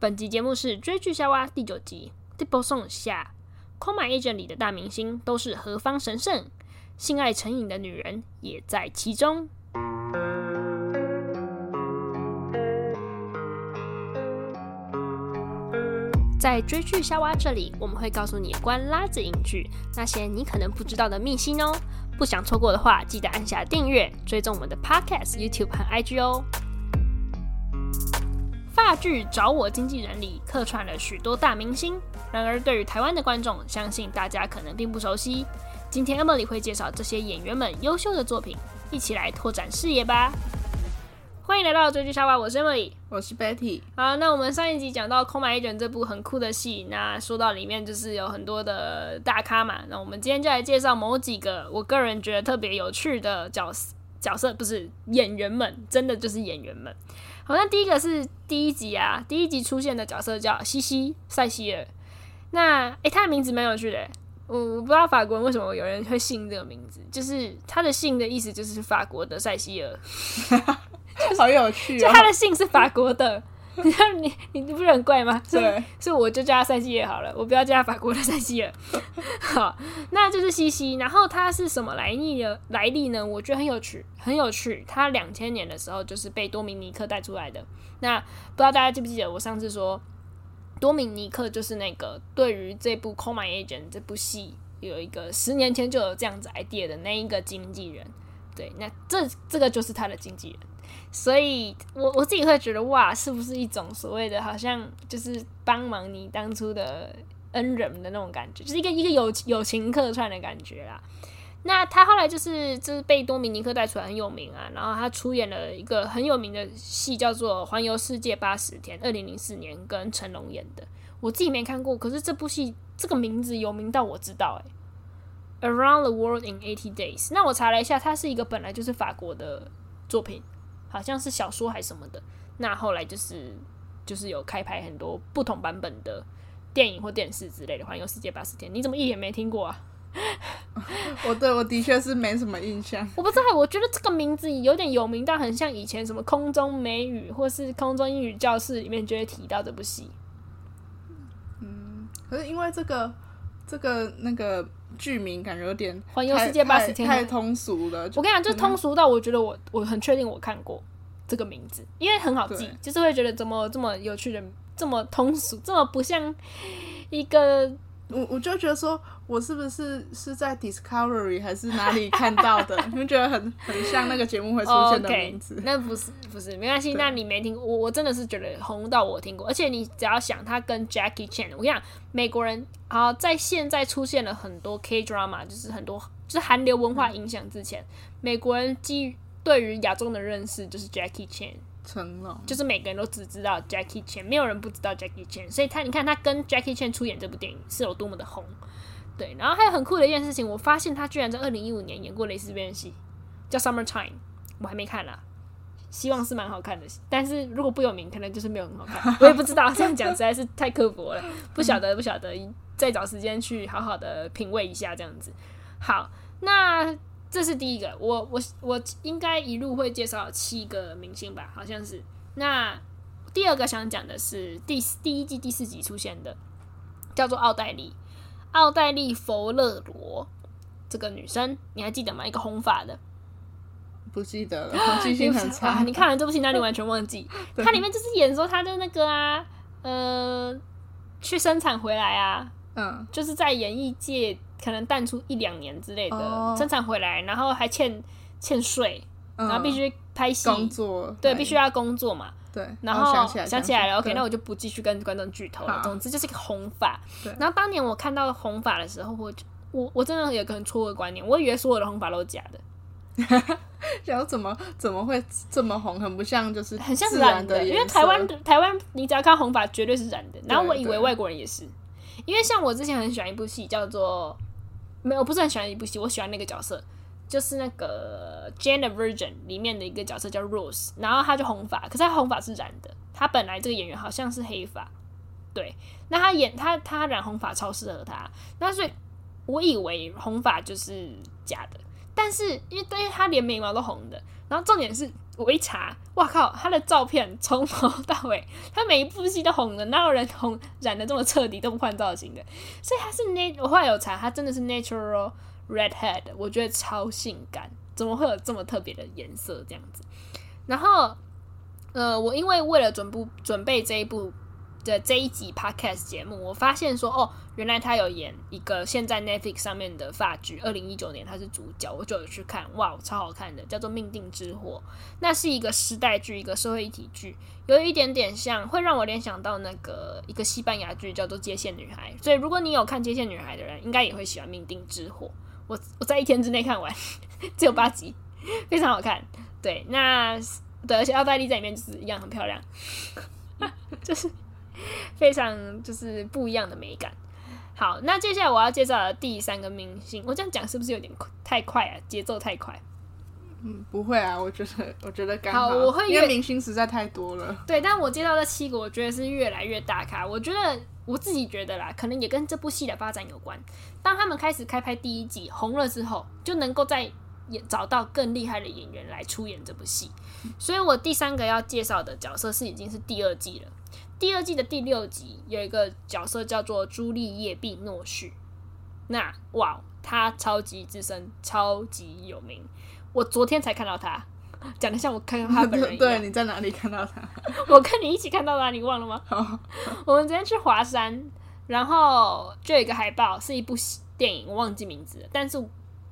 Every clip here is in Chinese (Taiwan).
本集節目是《追劇夏娃第九集。Dix Pour Cent 下，Call My Agent，裡的大明星都是何方神聖？性愛成癮的女人也在其中。在《追劇夏娃這裡，我們會告訴你有關拉子影劇那些你可能不知道的秘辛哦、喔。不想錯過的話，記得按下訂閱，追蹤我們的 Podcast、YouTube 和 IG 哦、喔。法劇找我經紀人裡客串了許多大明星，然而對於台灣的觀眾，相信大家可能並不熟悉。今天 Emily 會介紹這些演員們優秀的作品，一起來拓展視野吧。歡迎來到追劇沙發，我是 Emily，我是 Betty。好，那我們上一集講到《空白一卷》這部很酷的戲，那說到裡面就是有很多的大咖嘛，那我們今天就來介紹某幾個我個人覺得特別有趣的角色角色，不是演員們，真的就是演員們。好像第一個是第一集啊，第一集出現的角色叫西西塞西爾。那誒、欸，他的名字蠻有趣的，我我不知道法國人為什麼有人會姓這個名字，就是他的姓的意思就是法國的塞西爾， 好有趣、哦 就是，就他的姓是法國的。 你看你你不是很怪嗎？所以對我就叫他塞西爾好了，我不要叫他法國的塞西爾。 好，那就是西西。然後他是什麼來歷的來歷呢？我覺得很有趣，很有趣。他兩千年的時候就是被多明尼克帶出來的。那不知道大家記不記得我上次說，多明尼克就是那個對於這部《Call My Agent》這部戲有一個十年前就有這樣子 idea 的那一個經紀人。對，那這這個就是他的經紀人。所以，我我自己會覺得，哇，是不是一種所謂的，好像就是幫忙你當初的恩人的那種感覺，就是一個一個友友情客串的感覺啦。那他後來就是，就是被多米尼克帶出來很有名啊。然後他出演了一個很有名的戲，叫做《環遊世界八十天》，二零零四年跟成龍演的。我自己沒看過，可是這部戲這個名字有名到我知道、欸，哎，Around the World in Eighty Days。那我查了一下，它是一個本來就是法國的作品。好像是小說還是什麼的，那後來就是就是有開拍很多不同版本的電影或電視之類的，環遊世界八十天。你怎麼一點沒聽過啊？我對，我的確是沒什麼印象。 我不知道，我覺得這個名字有點有名到，但很像以前什麼空中美語或是空中英語教室裡面就會提到這部戲。嗯，可是因為這個。這個那個劇名感覺有點《環遊世界八十天》太通俗了。我跟你講，就通俗到我覺得我我很確定我看過這個名字，因為很好記，對，就是會覺得怎麼這麼有趣的，這麼通俗，這麼不像一個。我我就覺得說，我是不是是在 Discovery 還是哪裡看到的？因為 覺得很很像那個節目會出現的名字。Okay, 那不是不是沒關係，對那你沒聽過。我我真的是覺得紅到我聽過。而且你只要想他跟 Jackie Chan，我跟你講，美國人啊，在現在出現了很多 K drama，就是很多就是韓流文化影響之前，嗯、美國人基於對於亞洲的認識就是 Jackie Chan。成龍，就是每個人都只知道 Jackie Chan，沒有人不知道 Jackie Chan，所以他你看他跟 Jackie Chan 出演這部電影是有多麼的紅，對。然後還有很酷的一件事情，我發現他居然在二零一五年演過蕾絲邊戲，叫《Summer Time》，我還沒看呢，希望是蠻好看的。但是如果不有名，可能就是沒有很好看，我也不知道， 這樣講實在是太刻薄了。不曉得，不曉得，再找時間去好好的品味一下這樣子。好，那。這是第一個，我我我應該一路會介紹有七個明星吧，好像是。那第二個想講的是第第一季第四集出現的，叫做奧黛麗奧黛麗·佛勒羅這個女生，你還記得嗎？一個紅髮的，不記得了，啊，記性很差。你，啊，你看完這部戲，那你完全忘記。她裡面就是演說她的那個啊，呃，去生產回來啊，嗯，就是在演藝界，可能淡出一兩年之類的，生產回來，然後還欠欠稅，然後必須拍戲工作，對，必須要工作嘛。對，然後想起來了，OK，那我就不繼續跟觀眾劇透了。總之就是個紅髮。然後當年我看到紅髮的時候，我我我真的有一個很錯的觀念，我以為所有的紅髮都是假的，然後怎麼怎麼會這麼紅，很不像，就是很像染的，因為台灣台灣你只要看紅髮絕對是染的。然後我以為外國人也是，因為像我之前很喜歡一部戲叫做。沒有，我不是很喜歡一部戲。我喜歡那個角色，就是那個《Jane the Virgin》裡面的一個角色叫 Rose，然後她就紅髮，可是她紅髮是染的。她本來這個演員好像是黑髮，對，那她演她她染紅髮超適合她。那所以我以為紅髮就是假的，但是因為，因為他她連眉毛都紅的，然後重點是。我一查，哇靠！他的照片從頭到尾，他每一部戲都紅的，哪有人紅染的這麼徹底，都不換造型的。所以他是，那我後來有查，他真的是 natural red head，我覺得超性感。怎麼會有這麼特別的顏色這樣子？然後，呃，我因為為了準備準備這一部。的這一集 Podcast 節目，我發現說哦，原來他有演一個現在 Netflix 上面的法劇，二零一九年他是主角，我就有去看，哇，超好看的，叫做《命定之火》，那是一個時代劇，一個社會議題劇，有一點點像，會讓我聯想到那個一個西班牙劇叫做《接線女孩》，所以如果你有看《接線女孩》的人，應該也會喜歡《命定之火》我。我我在一天之內看完，只有八集，非常好看。對，那對，而且奧黛莉在裡面就是一樣很漂亮， 就是。非常就是不一樣的美感。好，那接下來我要介紹的第三個明星，我這樣講是不是有點太快啊？節奏太快？嗯，不會啊，我覺得我覺得剛好。好，我會越，因為明星實在太多了。對，但我介紹的七個，我覺得是越來越大咖。我覺得我自己覺得啦，可能也跟這部戲的發展有關。當他們開始開拍第一季紅了之後，就能夠再也找到更厲害的演員來出演這部戲。所以我第三個要介紹的角色是已經是第二季了。第二季的第六集，有一個角色叫做茱麗葉·碧諾旭，那哇，他超級資深，超級有名。我昨天才看到他，講得像我看看他本人一樣 對，你在哪裡看到他？ 我跟你一起看到他，你忘了嗎？ 好我們昨天去華山，然後就有一個海報，是一部電影，我忘記名字了，但是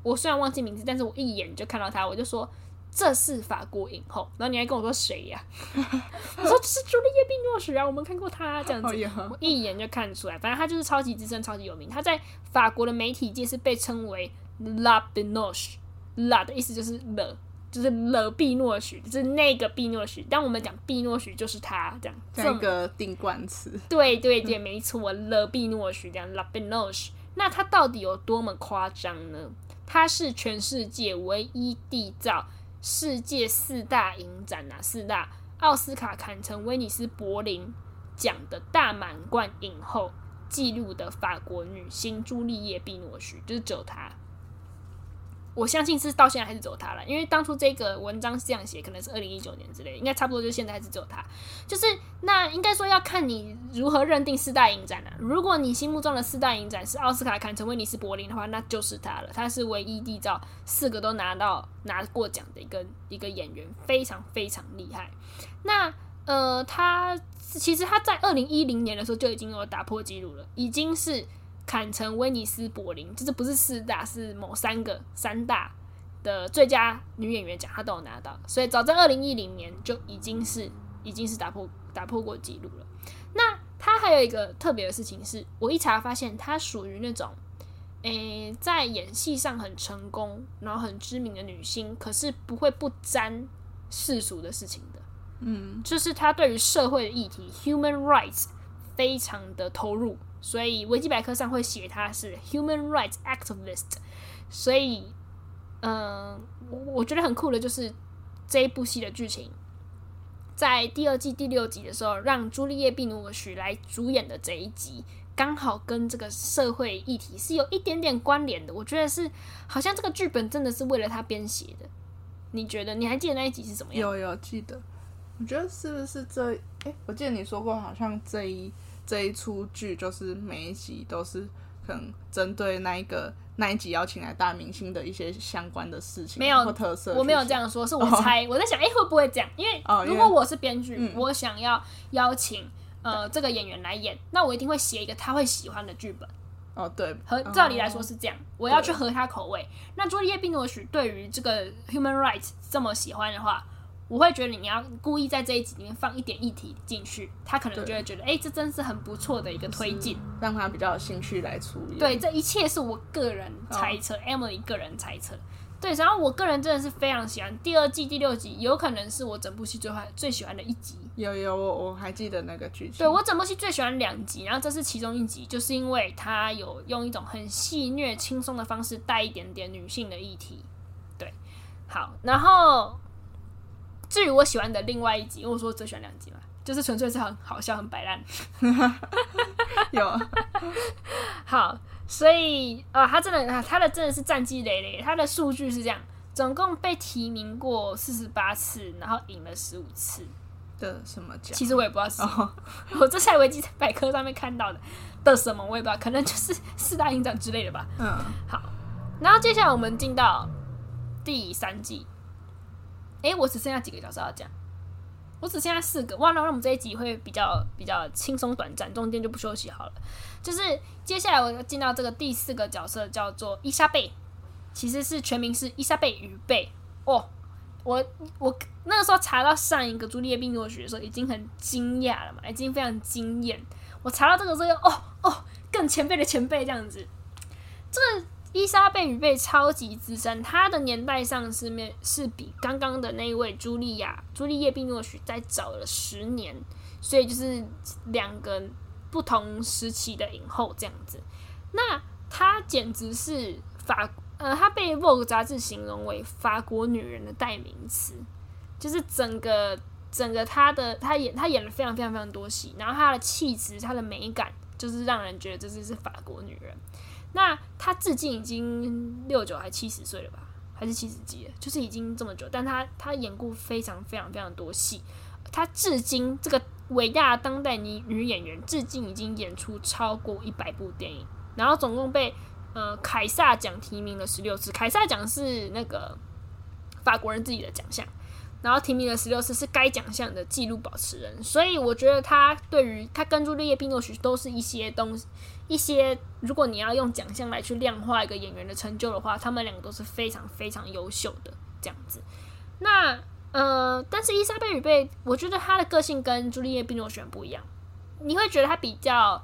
我雖然忘記名字，但是我一眼就看到他，我就說。這是法國影後。然後你還跟我說誰呀？啊？ 我說這是茱麗葉·畢諾許啊，我們看過她。這樣子，oh、yeah. 我一眼就看出來。反正她就是超級資深，超級有名。她在法國的媒體界是被稱為 “La Binoche”，“La” 的意思就是“了”，就是“了”畢諾許，就是那個畢諾許。當我們講畢諾許，就是他這樣。這個定冠詞，對對對，沒錯，“La Binoche” 這樣。La Binoche，那他到底有多麼誇張呢？他是全世界唯一締造。世界四大影展吶、啊，四大奧斯卡、坎城、威尼斯、柏林獎的大滿貫影後，記錄的法國女星朱麗葉·比諾許，就是只有她。我相信是到現在還是只有他了，因為當初這個文章是這樣寫，可能是二零一九年之類的，應該差不多就現在還是只有他。就是那應該說要看你如何認定四大影展了啊。如果你心目中的四大影展是奧斯卡、坎城、威尼斯、柏林的話，那就是他了。他是唯一締造四個都拿到拿過獎的一個一個演員，非常非常厲害。那呃，他其實他在二零一零年的時候就已經有打破紀錄了，已經是。坎城、威尼斯、柏林，就是不是四大，是某三個三大的最佳女演員獎，她都有拿到。所以早在二零一零年就已經是已經是打破打破過紀錄了。那她還有一個特別的事情是，我一查發現她屬於那種，誒、欸，在演戲上很成功，然後很知名的女星，可是不會不沾世俗的事情的。嗯，就是她對於社會的議題、human rights 非常的投入。所以維基百科上會寫他是 human rights activist，所以，嗯、呃，我覺得很酷的就是這一部戲的劇情，在第二季第六集的時候，讓茱麗葉·畢諾許來主演的這一集，剛好跟這個社會議題是有一點點關聯的。我覺得是好像這個劇本真的是為了他編寫的。你覺得？你還記得那一集是什麼樣？有有記得。我覺得是不是這？誒、欸，我記得你說過好像這一。這一齣劇就是每一集都是可能針對那一個那一集邀請來大明星的一些相關的事情沒有特色，我沒有這樣說，是我猜，哦，我在想，哎、欸、會不會這樣？因為如果我是編劇，哦，我想要邀請、嗯、呃，這個演員來演，那我一定會寫一個他會喜歡的劇本。哦，對，和照理來說是這樣，我要去合他口味。對那朱麗葉·畢諾許對於這個《Human Rights》這麼喜歡的話，我會覺得，你你要故意在這一集裡面放一點議題進去，他可能就會覺得，哎對，這真是很不錯的一個推進，讓他比較有興趣來處理。對，這一切是我個人猜測好，Emily 個人猜測。對，然後我個人真的是非常喜歡第二季第六集，有可能是我整部戲最壞最喜歡的一集。有有，我我還記得那個劇情。對，我整部戲最喜歡兩集，然後這是其中一集，就是因為他有用一種很戲謔輕鬆的方式帶一點點女性的議題。對，好，然後。啊至於我喜歡的另外一集，因為我說最喜歡兩集嘛，就是純粹是很好笑、很擺爛。 有好，所以呃，他、哦、真的，他的真的是戰績累累。他的數據是這樣：總共被提名過四十八次，然後贏了十五次的什麼獎？其實我也不知道是，我、哦、我這維基百科上面看到的的什麼我也不知道，可能就是四大影展之類的吧。嗯，好，然後接下來我們進到第三季。誒，我只剩下幾個角色要講，我只剩下四個，忘了。那我們這一集會比較比較輕鬆短暫，中間就不休息好了。就是接下來我要進到這個第四個角色，叫做伊莎貝，其實是全名是伊莎貝·雨蓓。哦，我我那個時候查到上一個茱麗葉·畢諾許的時候，已經很驚訝了嘛，已經非常驚艷。我查到這個之後，哦哦，更前輩的前輩這樣子，這個。伊莎貝雨蓓，超級資深，她的年代上是面是比剛剛的那一位朱莉亞朱麗葉·畢諾許再早了十年，所以就是兩個不同時期的影后這樣子。那她簡直是法，呃，她被 Vogue 雜誌形容為法國女人的代名詞，就是整個整個她的她演她演了非常非常非常多戲，然後她的氣質、她的美感，就是讓人覺得這就是法國女人。那他至今已經六九，還七十歲了吧？還是七十幾了？就是已經這麼久，但他他演過非常非常非常多戲。他至今這個偉大當代女女演員，至今已經演出超過一百部電影，然後總共被呃凱撒獎提名了十六次。凱撒獎是那個法國人自己的獎項。然後提名了十六次，是該獎項的紀錄保持人，所以我覺得他對於他跟茱麗葉·畢諾許都是一些東西。一些。如果你要用獎項來去量化一個演員的成就的話，他們兩個都是非常非常優秀的這樣子。那呃，但是伊莎貝·雨蓓，我覺得他的個性跟茱麗葉·畢諾許不一樣。你會覺得他比較，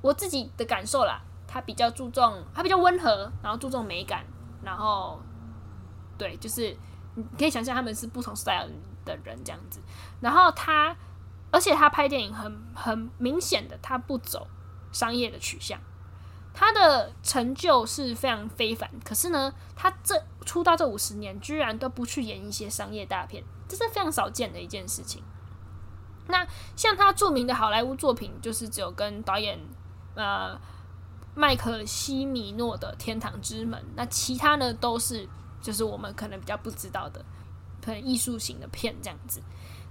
我自己的感受啦，他比較注重，他比較溫和，然後注重美感，然後對，就是。你可以想象他們是不同 style 的人這樣子，然後他，而且他拍電影很很明顯的他不走商業的取向，他的成就是非常非凡，可是呢，他這出道這五十年居然都不去演一些商業大片，這是非常少見的一件事情。那像他著名的好萊塢作品就是只有跟導演呃麥克西米諾的《天堂之門》，那其他呢都是。就是我們可能比較不知道的，可能藝術型的片這樣子。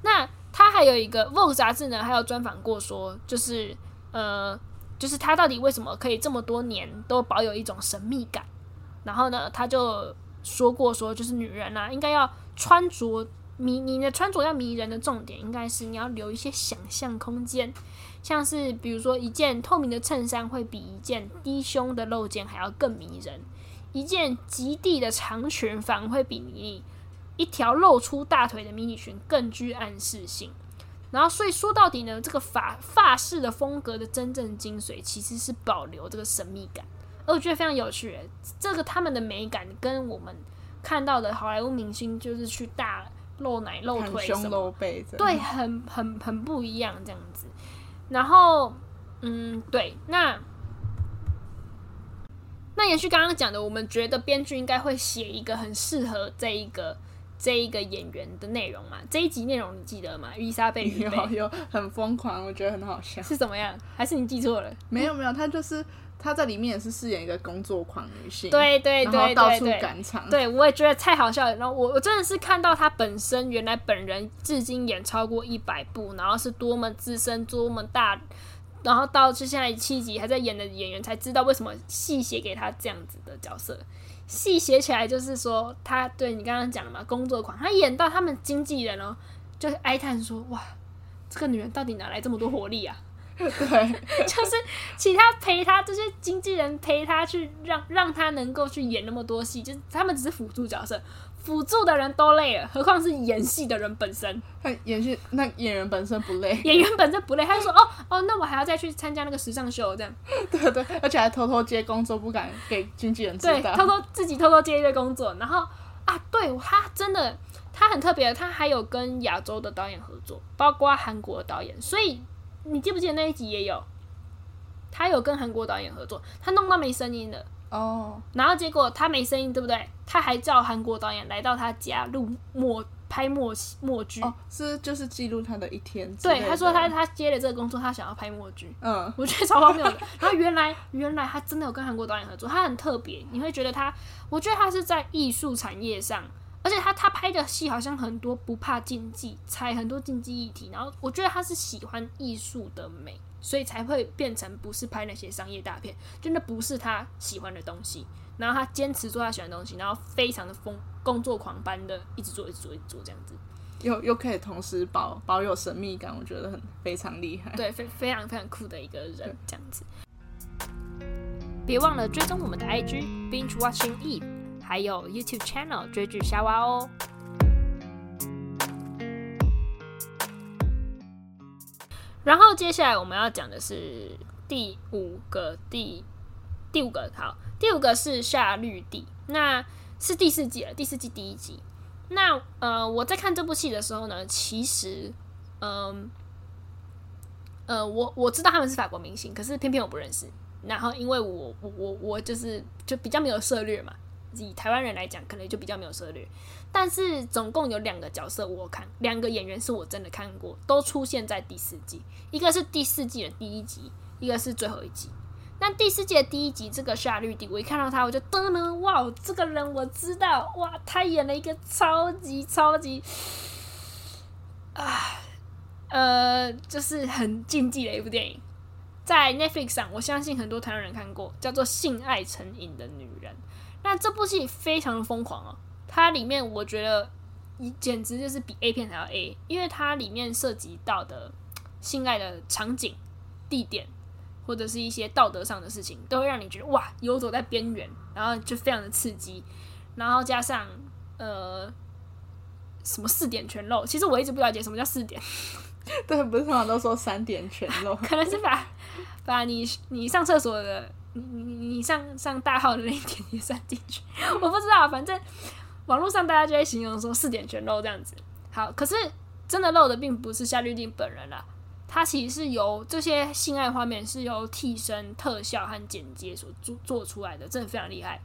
那他還有一個 Vogue 雜誌呢，還有專訪過說，就是呃，就是他到底為什麼可以這麼多年都保有一種神秘感？然後呢，他就說過說，就是女人啊，應該要穿着迷，你的穿着要迷人的重點應該是你要留一些想象空間，像是比如說一件透明的襯衫會比一件低胸的露肩還要更迷人。一件及地的長裙反而會比迷你一條露出大腿的迷你裙更具暗示性。然後，所以說到底呢，這個法法式的風格的真正精髓其實是保留這個神秘感。而我覺得非常有趣，這個他們的美感跟我們看到的好萊塢明星就是去大露奶、露腿什麼，對，很很很不一樣這樣子。然後，嗯，對，那。那延續剛剛講的，我們覺得編劇應該會寫一個很適合這一個這一個演員的內容嘛？這一集內容你記得嗎？伊莎貝雨蓓，有，有很瘋狂，我覺得很好笑，是怎麼樣？還是你記錯了？沒有沒有，他就是他在裡面也是飾演一個工作狂女性，對、嗯、然後到處趕場，對對對對，對我也覺得太好笑了。然後我我真的是看到他本身原來本人至今演超過一百部，然後是多麼資深多麼大。然後到是現在七集還在演的演員，才知道為什麼戲寫給他這樣子的角色，戲寫起來就是說他對你剛剛講的嘛，工作狂，他演到他們經紀人哦，就是哀嘆說哇，這個女人到底哪來這麼多活力啊？對，就是其他陪他，這些經紀人陪他去讓讓他能夠去演那麼多戲，就是他們只是輔助角色。輔助的人都累了，何況是演戲的人本身。他演戲那個，演員本身不累， 演員本身不累，他就說：“哦哦，那我還要再去參加那個時尚秀，這樣。” 對，對對，而且還偷偷接工作，不敢給經紀人知道。對，偷偷，他自己偷偷接一些工作，然後啊，對，他真的他很特別，他還有跟亞洲的導演合作，包括韓國的導演。所以你記不記得那一集也有他有跟韓國導演合作，他弄到沒聲音了。哦，oh. 然後結果他沒聲音，對不對？他還叫韓國導演來到他家錄默拍默默劇，oh, 是，是就是記錄他的一天的。對，他說他他接了這個工作，他想要拍默劇。嗯，oh. 我覺得超棒的。他 原來原來他真的有跟韓國導演合作，他很特別，你會覺得他，我覺得他是在藝術產業上。而且他他拍的戲好像很多不怕禁忌，踩很多禁忌議題，然後我覺得他是喜歡藝術的美，所以才會變成不是拍那些商業大片，真的不是他喜歡的東西。然後他堅持做他喜歡的東西，然後非常的瘋，工作狂般的一直做，一直做，一直做這樣子，又又可以同時保保有神秘感，我覺得很非常厲害。對，非非常非常酷的一個人這樣子。別、嗯、忘了追蹤我們的 IG、嗯、Binge Watching Eve。還有 YouTube channel 追劇夏娃哦。然後接下來我們要講的是第五個第第五個好第五個是夏綠蒂，那是第四季了，第四季第一集。那呃我在看這部戲的時候呢，其實嗯呃，呃我我知道他們是法國明星，可是偏偏我不認識。然後因為我我我我就是就比較沒有涉獵嘛。以台灣人來講，可能就比較沒有涉獵，但是總共有兩個角色我，我看兩個演員是我真的看過，都出現在第四季。一個是第四季的第一集，一個是最後一集。那第四季的第一集，這個夏綠蒂，我一看到他，我就噔噔，哇，這個人我知道，哇，她演了一個超級超級啊，呃，就是很禁忌的一部電影，在 Netflix 上，我相信很多台灣人看過，叫做《性愛成癮的女人》。那這部戲非常的瘋狂哦，它裡面我覺得，簡直就是比 A 片還要 A，因為它裡面涉及到的性愛的場景、地點，或者是一些道德上的事情，都會讓你覺得哇，遊走在邊緣，然後就非常的刺激。然後加上呃，什麼四點全露，其實我一直不了解什麼叫四點。 對，不是通常都說三點全露，可能是把把你你上廁所的。你你你上上大號的那一點也算進去， 我不知道，反正網絡上大家就會形容說四點全漏這樣子。好，可是真的露的並不是夏綠蒂本人啦，它其實是由這些性愛畫面是由替身特效和剪接所做做出來的，真的非常厲害。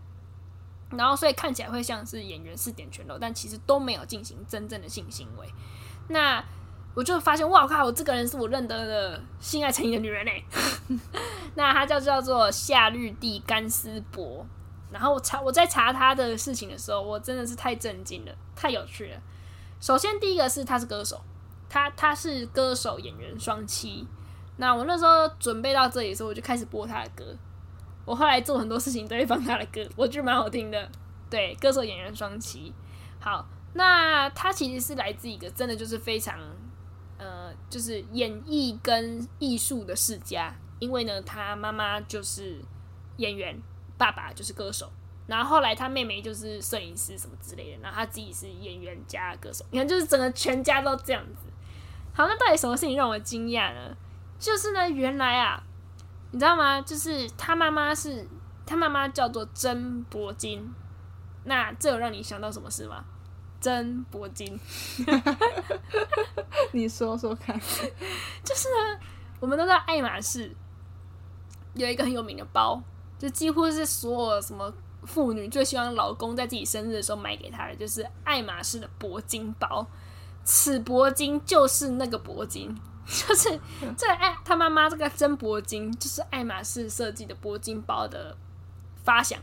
然後所以看起來會像是演員四點全露，但其實都沒有進行真正的性行為。那我就發現哇靠！我這個人是我認得的性愛成癮的女人誒、欸， 那她叫叫做夏綠蒂·甘斯伯。然後我查我在查她的事情的時候，我真的是太震驚了，太有趣了。首先第一個是她是歌手，她她是歌手演員雙棲。那我那時候準備到這裡的時候，我就開始播她的歌。我後來做很多事情都會放她的歌，我覺得蠻好聽的。對，歌手演員雙棲。好，那她其實是來自一個真的就是非常。就是演藝跟藝術的世家，因為呢，他媽媽就是演員，爸爸就是歌手，然後後來他妹妹就是攝影師什麼之類的，然後他自己是演員加歌手。你看，就是整個全家都這樣子。好，那到底什麼事情讓我驚訝呢？就是呢，原來啊，你知道嗎？就是他媽媽是，他媽媽叫做珍柏金。那這有讓你想到什麼事嗎？真鉑金 你說說看，就是呢，我們都知道愛馬仕有一個很有名的包，就幾乎是所有什麼婦女最希望老公在自己生日的時候買給她的，就是愛馬仕的鉑金包。此鉑金就是那個鉑金，就是這愛他媽媽這個真鉑金，就是愛馬仕設計的鉑金包的發想。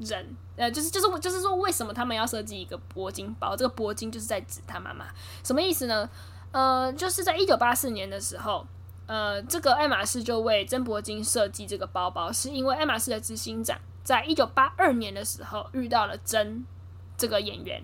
人，呃，就是就是就是說，為什麼他們要設計一個鉑金包？這個鉑金就是在指他媽媽，什麼意思呢？呃，就是在一九八四年的時候，呃，這個愛馬仕就為珍鉑金設計這個包包，是因為愛馬仕的執行長在一九八二年的時候遇到了珍這個演員，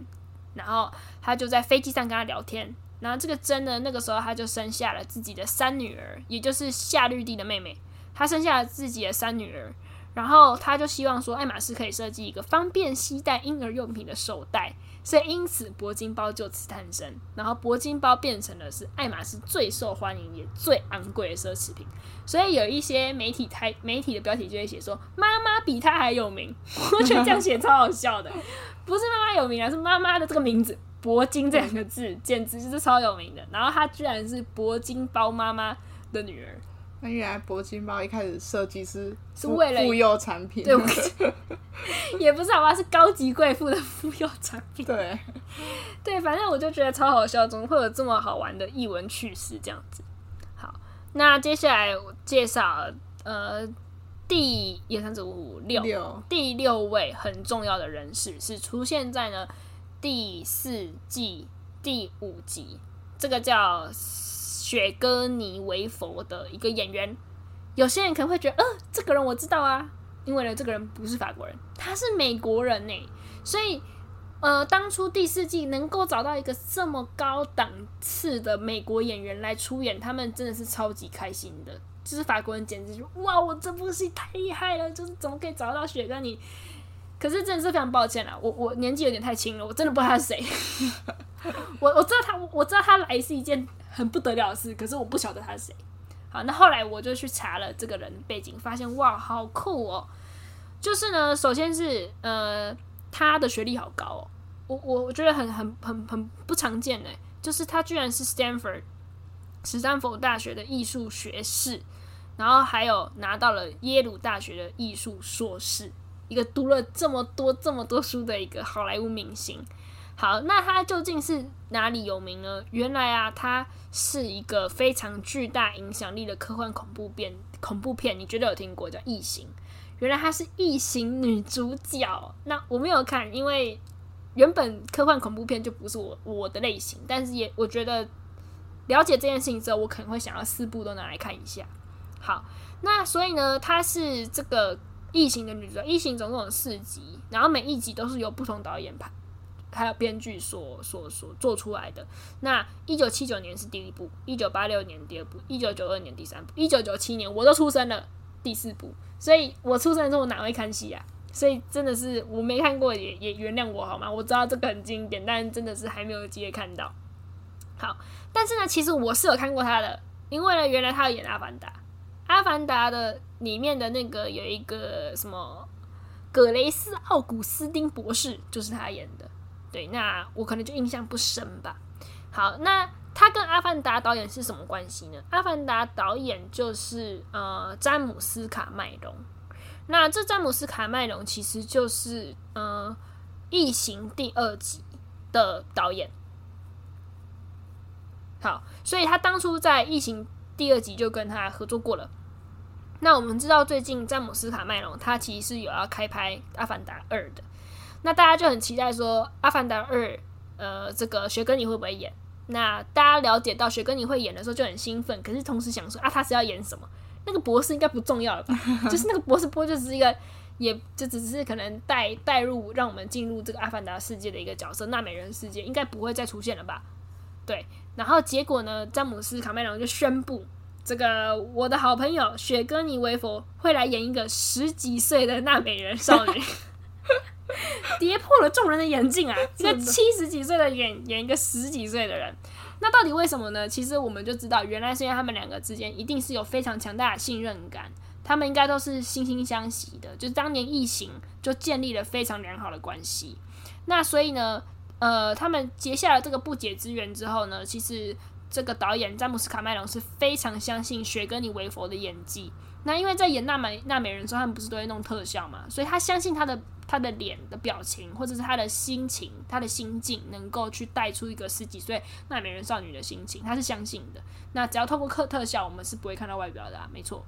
然後他就在飛機上跟他聊天。然後這個珍呢，那個時候他就生下了自己的三女兒，也就是夏綠蒂的妹妹。他生下了自己的三女兒。然後他就希望說，愛馬仕可以設計一個方便攜帶嬰兒用品的手袋，所以因此鉑金包就此誕生。然後鉑金包變成了是愛馬仕最受歡迎也最昂貴的奢侈品。所以有一些媒體台，媒體的標題就會寫說，媽媽比她還有名， 我覺得這樣寫超好笑的，不是媽媽有名啊，是媽媽的這個名字鉑金這兩個字，簡直就是超有名的。然後她居然是鉑金包媽媽的女兒。那原來鉑金包一開始設計師是為了婦幼產品，對，也不知道吧，是高級貴婦的婦幼產品。對，對，反正我就覺得超好笑，怎麼會有這麼好玩的軼聞趣事這樣子？好，那接下來我介紹呃，第也三十五六第六位很重要的人士是出現在呢第四季第五集，這個叫。雪歌尼薇佛的一個演員，有些人可能會覺得，呃，這個人我知道啊，因為呢，這個人不是法國人，他是美國人呢，欸，所以，呃，當初第四季能夠找到一個這麼高檔次的美國演員來出演，他們真的是超級開心的，就是法國人簡直就，哇，我這部戲太厲害了，就是怎麼可以找到雪歌妮？可是真的是非常抱歉啦，我我年紀有點太輕了，我真的不知道他是誰， 我我知道他，我知道他來是一件，很不得了的事，可是我不曉得他是誰。好，那後來我就去查了這個人的背景，發現哇，好酷哦！就是呢，首先是呃，他的學歷好高哦，我我我覺得很很很很不常見哎，就是他居然是 Stanford Stanford 大學的藝術學士，然後還有拿到了耶魯大學的藝術碩士，一個讀了這麼多這麼多書的一個好萊塢明星。好，那它究竟是哪裡有名呢？原來啊，它是一個非常巨大影響力的科幻恐怖片。恐怖片，你絕對有聽過叫《異形》？原來它是《異形》女主角。那我沒有看，因為原本科幻恐怖片就不是我我的類型。但是也我覺得了解這件事情之後，我可能會想要四部都拿來看一下。好，那所以呢，它是這個《異形》的女主角，《異形》總共有四集，然後每一集都是由不同導演拍。還有編劇所所所做出來的。那一九七九年是第一部，一九八六年第二部，一九九二年第三部，一九九七年我都出生了，第四部。所以我出生的時候，我哪會看戲啊？所以真的是我沒看過也，也也原諒我好嗎？我知道這個很經典，但真的是還沒有機會看到。好，但是呢，其實我是有看過他的，因為呢，原來他有演阿凡《阿凡達》，《阿凡達》的裡面的那個有一個什麼葛雷斯·奧古斯丁博士，就是他演的。對，那我可能就印象不深吧。好，那他跟《阿凡達》導演是什麼關係呢？《阿凡達》導演就是呃詹姆斯卡麥隆。那這詹姆斯卡麥隆其實就是呃《異形》第二集的導演。好，所以他當初在《異形》第二集就跟他合作過了。那我們知道，最近詹姆斯卡麥隆他其實是有要開拍《阿凡達二》的。那大家就很期待說《阿凡達二》，呃，這個雪歌妮會不會演？那大家了解到雪歌妮會演的時候就很興奮，可是同時想說啊，他是要演什麼？那個博士應該不重要了吧？ 就是那個博士不過就是一個，也就只是可能帶帶入，讓我們進入這個阿凡達世界的一個角色。納美人世界應該不會再出現了吧？對。然後結果呢？詹姆斯卡梅隆就宣布，這個我的好朋友雪歌妮薇佛會來演一個十幾歲的納美人少女。 跌破了眾人的眼鏡啊！一個七十幾歲的演演一個十幾歲的人，那到底為什麼呢？其實我們就知道，原來是因為他們兩個之間一定是有非常強大的信任感，他們應該都是惺惺相惜的。就是當年異形就建立了非常良好的關係，那所以呢，呃，他們結下了這個不解之緣之後呢，其實這個導演詹姆斯卡麥隆是非常相信雪歌妮薇佛的演技。那因為在演納美納美人之後，他們不是都會弄特效嘛，所以他相信他的。他的臉的表情，或者是他的心情、他的心境，能夠去帶出一個十幾歲那美人少女的心情，他是相信的。那只要透過客特效，我們是不會看到外表的。啊，沒錯。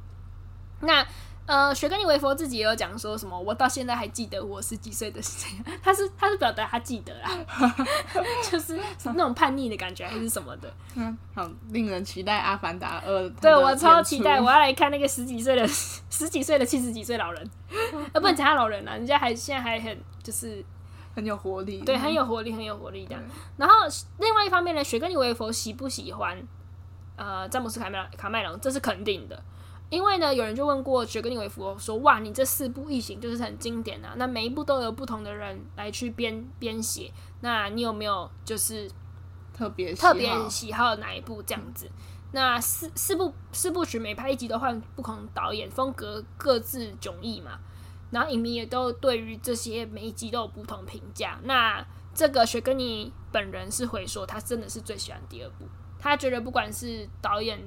那呃，雪歌妮薇佛自己也有講說什麼，我到現在還記得我十幾歲的事情。他是他是表達他記得啦， 就是那種叛逆的感覺還是什麼的。嗯，好，令人期待《阿凡達二》。對。對，我超期待，我要來看那個十幾歲的十幾歲的七十幾歲老人，呃， 不能講他老人了，人家還現在還很就是很有活力，對，很有活力，很有活力的。對然後另外一方面呢，雪歌妮薇佛喜不喜歡呃詹姆斯卡麥卡麥隆？這是肯定的。因為呢，有人就問過雪歌妮威夫說：“哇，你這四部異形就是很經典啊！那每一部都有不同的人來去編編寫，那你有沒有就是特別特別喜好哪一部這樣子？嗯、那四四部四部曲每拍一集都換不同導演，風格各自迥異嘛。然後影迷也都對於這些每一集都有不同評價。那這個雪歌妮本人是會說，他真的是最喜歡第二部，他覺得不管是導演。”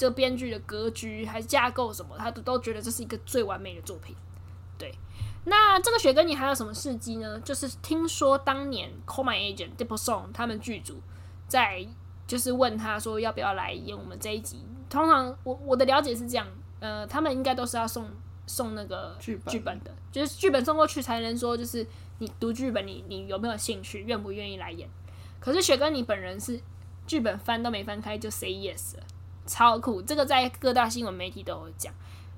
這編劇的格局還是架構什麼，他都都覺得這是一個最完美的作品。對，那這個雪哥，你還有什麼事蹟呢？就是聽說當年 Call My Agent、Dix Pour Cent 他們劇組在就是問他說要不要來演我們這一集。通常我我的了解是這樣，呃，他們應該都是要送送那個劇，劇本，劇本的，就是劇本送過去才能說，就是你讀劇本你，你你有沒有興趣，願不願意來演。可是雪哥，你本人是劇本翻都沒翻開就 say yes 了。超酷！這個在各大新聞媒體都有講。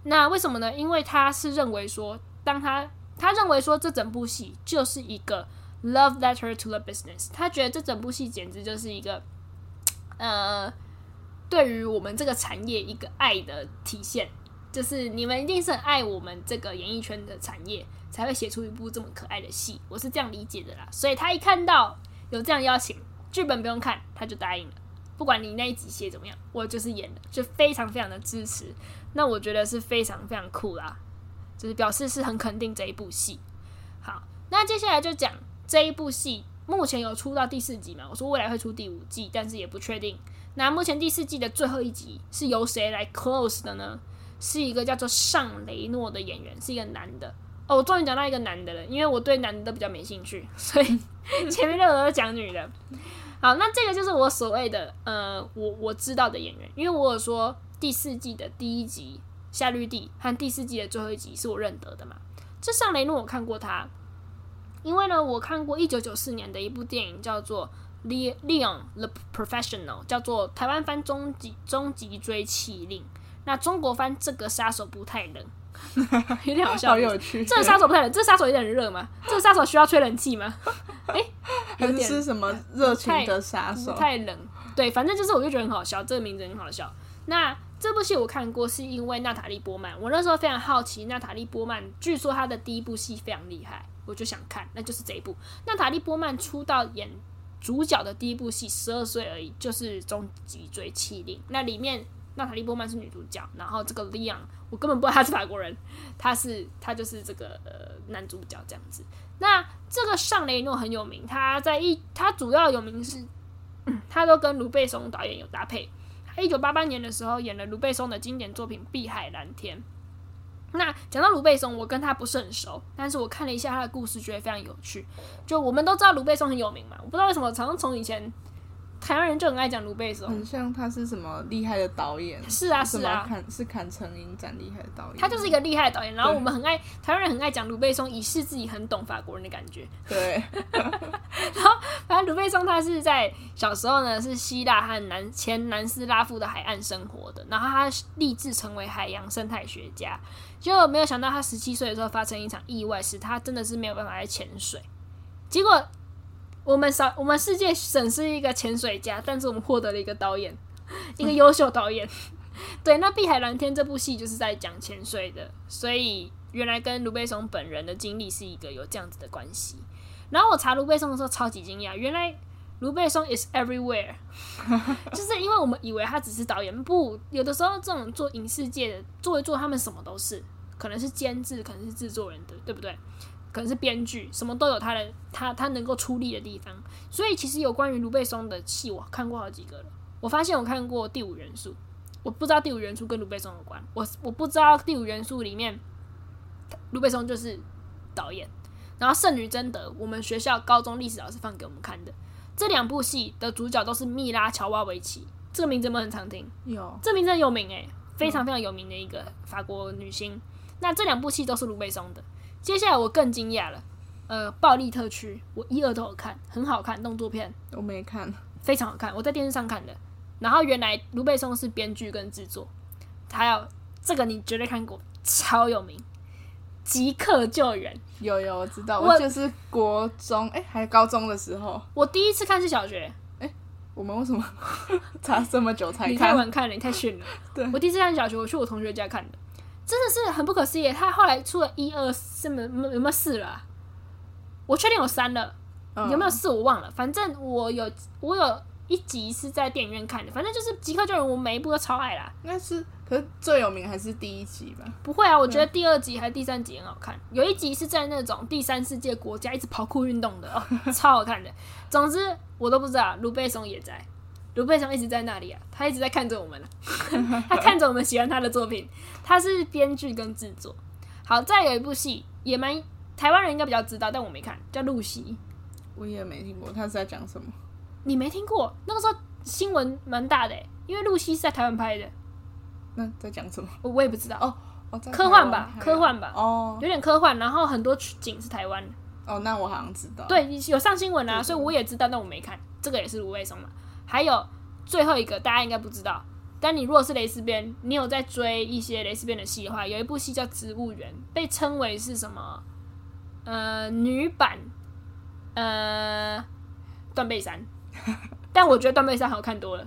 那為什麼呢？因為他是認為說，當他他認為說，這整部戲就是一個 love letter to the business。他覺得這整部戲簡直就是一個，呃，對於我們這個產業一個愛的體現。就是你們一定是很愛我們這個演藝圈的產業，才會寫出一部這麼可愛的戲。我是這樣理解的啦。所以他一看到有這樣的邀請，劇本不用看，他就答應了。不管你那一集寫怎麼樣，我就是演的，就非常非常的支持。那我覺得是非常非常酷啦，就是表示是很肯定這一部戲。好，那接下來就講這一部戲目前有出到第四集嘛？我說未來會出第五季，但是也不確定。那目前第四季的最後一集是由誰來 close 的呢？是一個叫做尚雷諾的演員，是一個男的。哦，我終於講到一個男的了，因為我對男的都比較沒興趣，所以前面的我都講女的。 好，那這個就是我所謂的，呃，我我知道的演員，因為我有說第四季的第一集夏綠蒂和第四季的最後一集是我認得的嘛。這尚雷諾我看過他，因為呢，我看過一九九四年的一部電影叫做《Le Leon the Professional》，叫做台灣翻《終極終極追殺令》。那中國翻這個殺手不太冷，有點 好笑，好有趣。 這個殺手不太冷，這個殺手有點熱嘛？這個殺手需要吹冷氣嗎？ 哎，很、欸、是，是什麼熱情的殺手？啊、太，太冷，對，反正就是，我就覺得很好笑，這個名字很好笑。那這部戲我看過，是因為娜塔莉波曼，我那時候非常好奇，娜塔莉波曼據說她的第一部戲非常厲害，我就想看，那就是這一部。娜塔莉波曼出道演主角的第一部戲，十二歲而已，就是《終極追殺令》，那裡面。娜塔莉·波曼是女主角，然後這個里昂，我根本不知道他是法國人，他是他就是這個呃男主角這樣子。那這個尚·雷諾很有名，他在一他主要有名是，嗯，他都跟盧貝松導演有搭配。他一九八八年的時候演了盧貝松的經典作品《碧海藍天》。那講到盧貝松，我跟他不是很熟，但是我看了一下他的故事，覺得非常有趣。就我們都知道盧貝松很有名嘛，我不知道為什麼常常從以前。台灣人就很愛講盧貝松，很像他是什麼厲害的導演。是啊，什麼是啊，坎是坎城影展厲害的導演。他就是一個厲害的導演，對然後我們很愛台灣人很愛講盧貝松，以示自己很懂法國人的感覺。對。 然後，反正盧貝松他是在小時候呢，是希臘和南前南斯拉夫的海岸生活的，然後他立志成為海洋生態學家，結果沒有想到他十七歲的時候發生一場意外，使他真的是沒有辦法再潛水，結果。我們少，我們世界省是一個潛水家，但是我們獲得了一個導演，一個優秀導演。嗯、 對，那《碧海藍天》這部戲就是在講潛水的，所以原來跟盧貝松本人的經歷是一個有這樣子的關係。然後我查盧貝松的時候，超級驚訝，原來盧貝松 is everywhere， 就是因為我們以為他只是導演，不有的時候這種做影視界的做一做，他們什麼都是，可能是監制，可能是制作人的，對不對？可能是編劇，什麼都有他的，他他能夠出力的地方。所以其實有關於盧貝松的戲，我看過好幾個了。我發現我看過《第五元素》，我元素我，我不知道《第五元素》跟盧貝松有關。我我不知道《第五元素》裡面盧貝松就是導演。然後《聖女貞德》，我們學校高中歷史老師放給我們看的這兩部戲的主角都是密拉喬瓦維奇，這個名字我們很常聽，有，這名字很有名誒、欸，非常非常有名的一個、嗯、法國女星。那這兩部戲都是盧貝松的。接下來我更驚訝了，呃，暴力特區我一二都有看，很好看動作片。我沒看，非常好看，我在電視上看的。然後原來盧貝松是編劇跟製作，還有這個你絕對看過，超有名。即刻救援有，有我知道，我就是國中哎、我、欸，還有高中的時候，我第一次看是小學。哎、欸，我們為什麼 差這麼久才看？你太晚看了，你太遜了。對，我第一次看小學，我去我同學家看的。真的是很不可思議，他後來出了一二，是沒沒有沒有四了。啊？我確定有三了，有沒有四我忘了。嗯、反正我有我有一集是在電影院看的，反正就是《即刻救人，我每一部都超愛啦。應該是，可是最有名還是第一集吧？不會啊，我覺得第二集還第三集很好看。嗯、有一集是在那種第三世界國家一直跑酷運動的。哦，超好看的。總之我都不知道，盧貝松也在。盧貝松一直在那裡啊，他一直在看着我們、啊， 他看着我們喜歡他的作品。他是編劇跟製作。好，再有一部戲也蠻台灣人應該比較知道，但我沒看，叫《露西》，我也沒聽過，他是在講什麼？你沒聽過？那個時候新聞蠻大的、欸，因為《露西》是在台灣拍的。那在講什麼我？我也不知道哦。Oh, oh, 科幻吧，科幻吧，哦，oh. 有點科幻，然後很多景是台灣的。哦，oh, 那我好像知道，對，有上新聞啊，所以我也知道，嗯、但我沒看。這個也是盧貝松嘛。還有最後一個，大家應該不知道，但你如果是蕾絲邊，你有在追一些蕾絲邊的戲的話，有一部戲叫《植物園》，被稱為是什麼？呃，女版呃斷背山，但我覺得斷背山好看多了。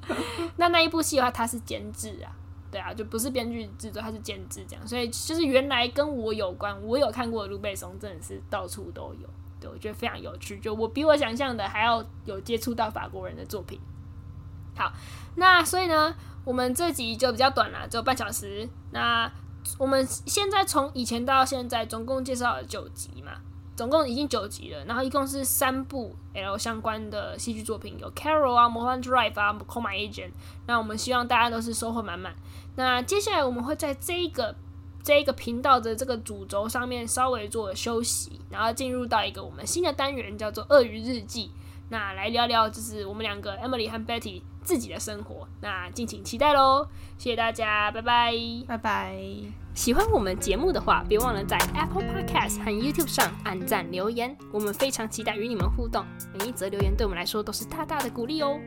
那那一部戲的話，它是監製啊，對啊，就不是編劇製作，它是監製這樣。所以就是原來跟我有關，我有看過的盧貝松，真的是到處都有。對，我覺得非常有趣，就我比我想象的還要有接觸到法國人的作品。好，那所以呢，我們這集就比較短啦，只有半小時。那我們現在從以前到現在，總共介紹了九集嘛，總共已經九集了。然後一共是三部 L 相關的戲劇作品，有《Carol》啊，《Mulholland Drive》啊，《Call My Agent》。那我們希望大家都是收穫滿滿。那接下來我們會在這一個。在一個頻道的這個主軸上面稍微做了休息，然後進入到一個我們新的單元，叫做《鱷魚日記》。那來聊聊就是我們兩個 Emily 和 Betty 自己的生活，那敬請期待嘍！謝謝大家，拜拜拜拜！喜歡我們節目的話，別忘了在 Apple Podcast 和 YouTube 上按讚留言，我們非常期待與你們互動。每一則留言對我們來說都是大大的鼓勵哦！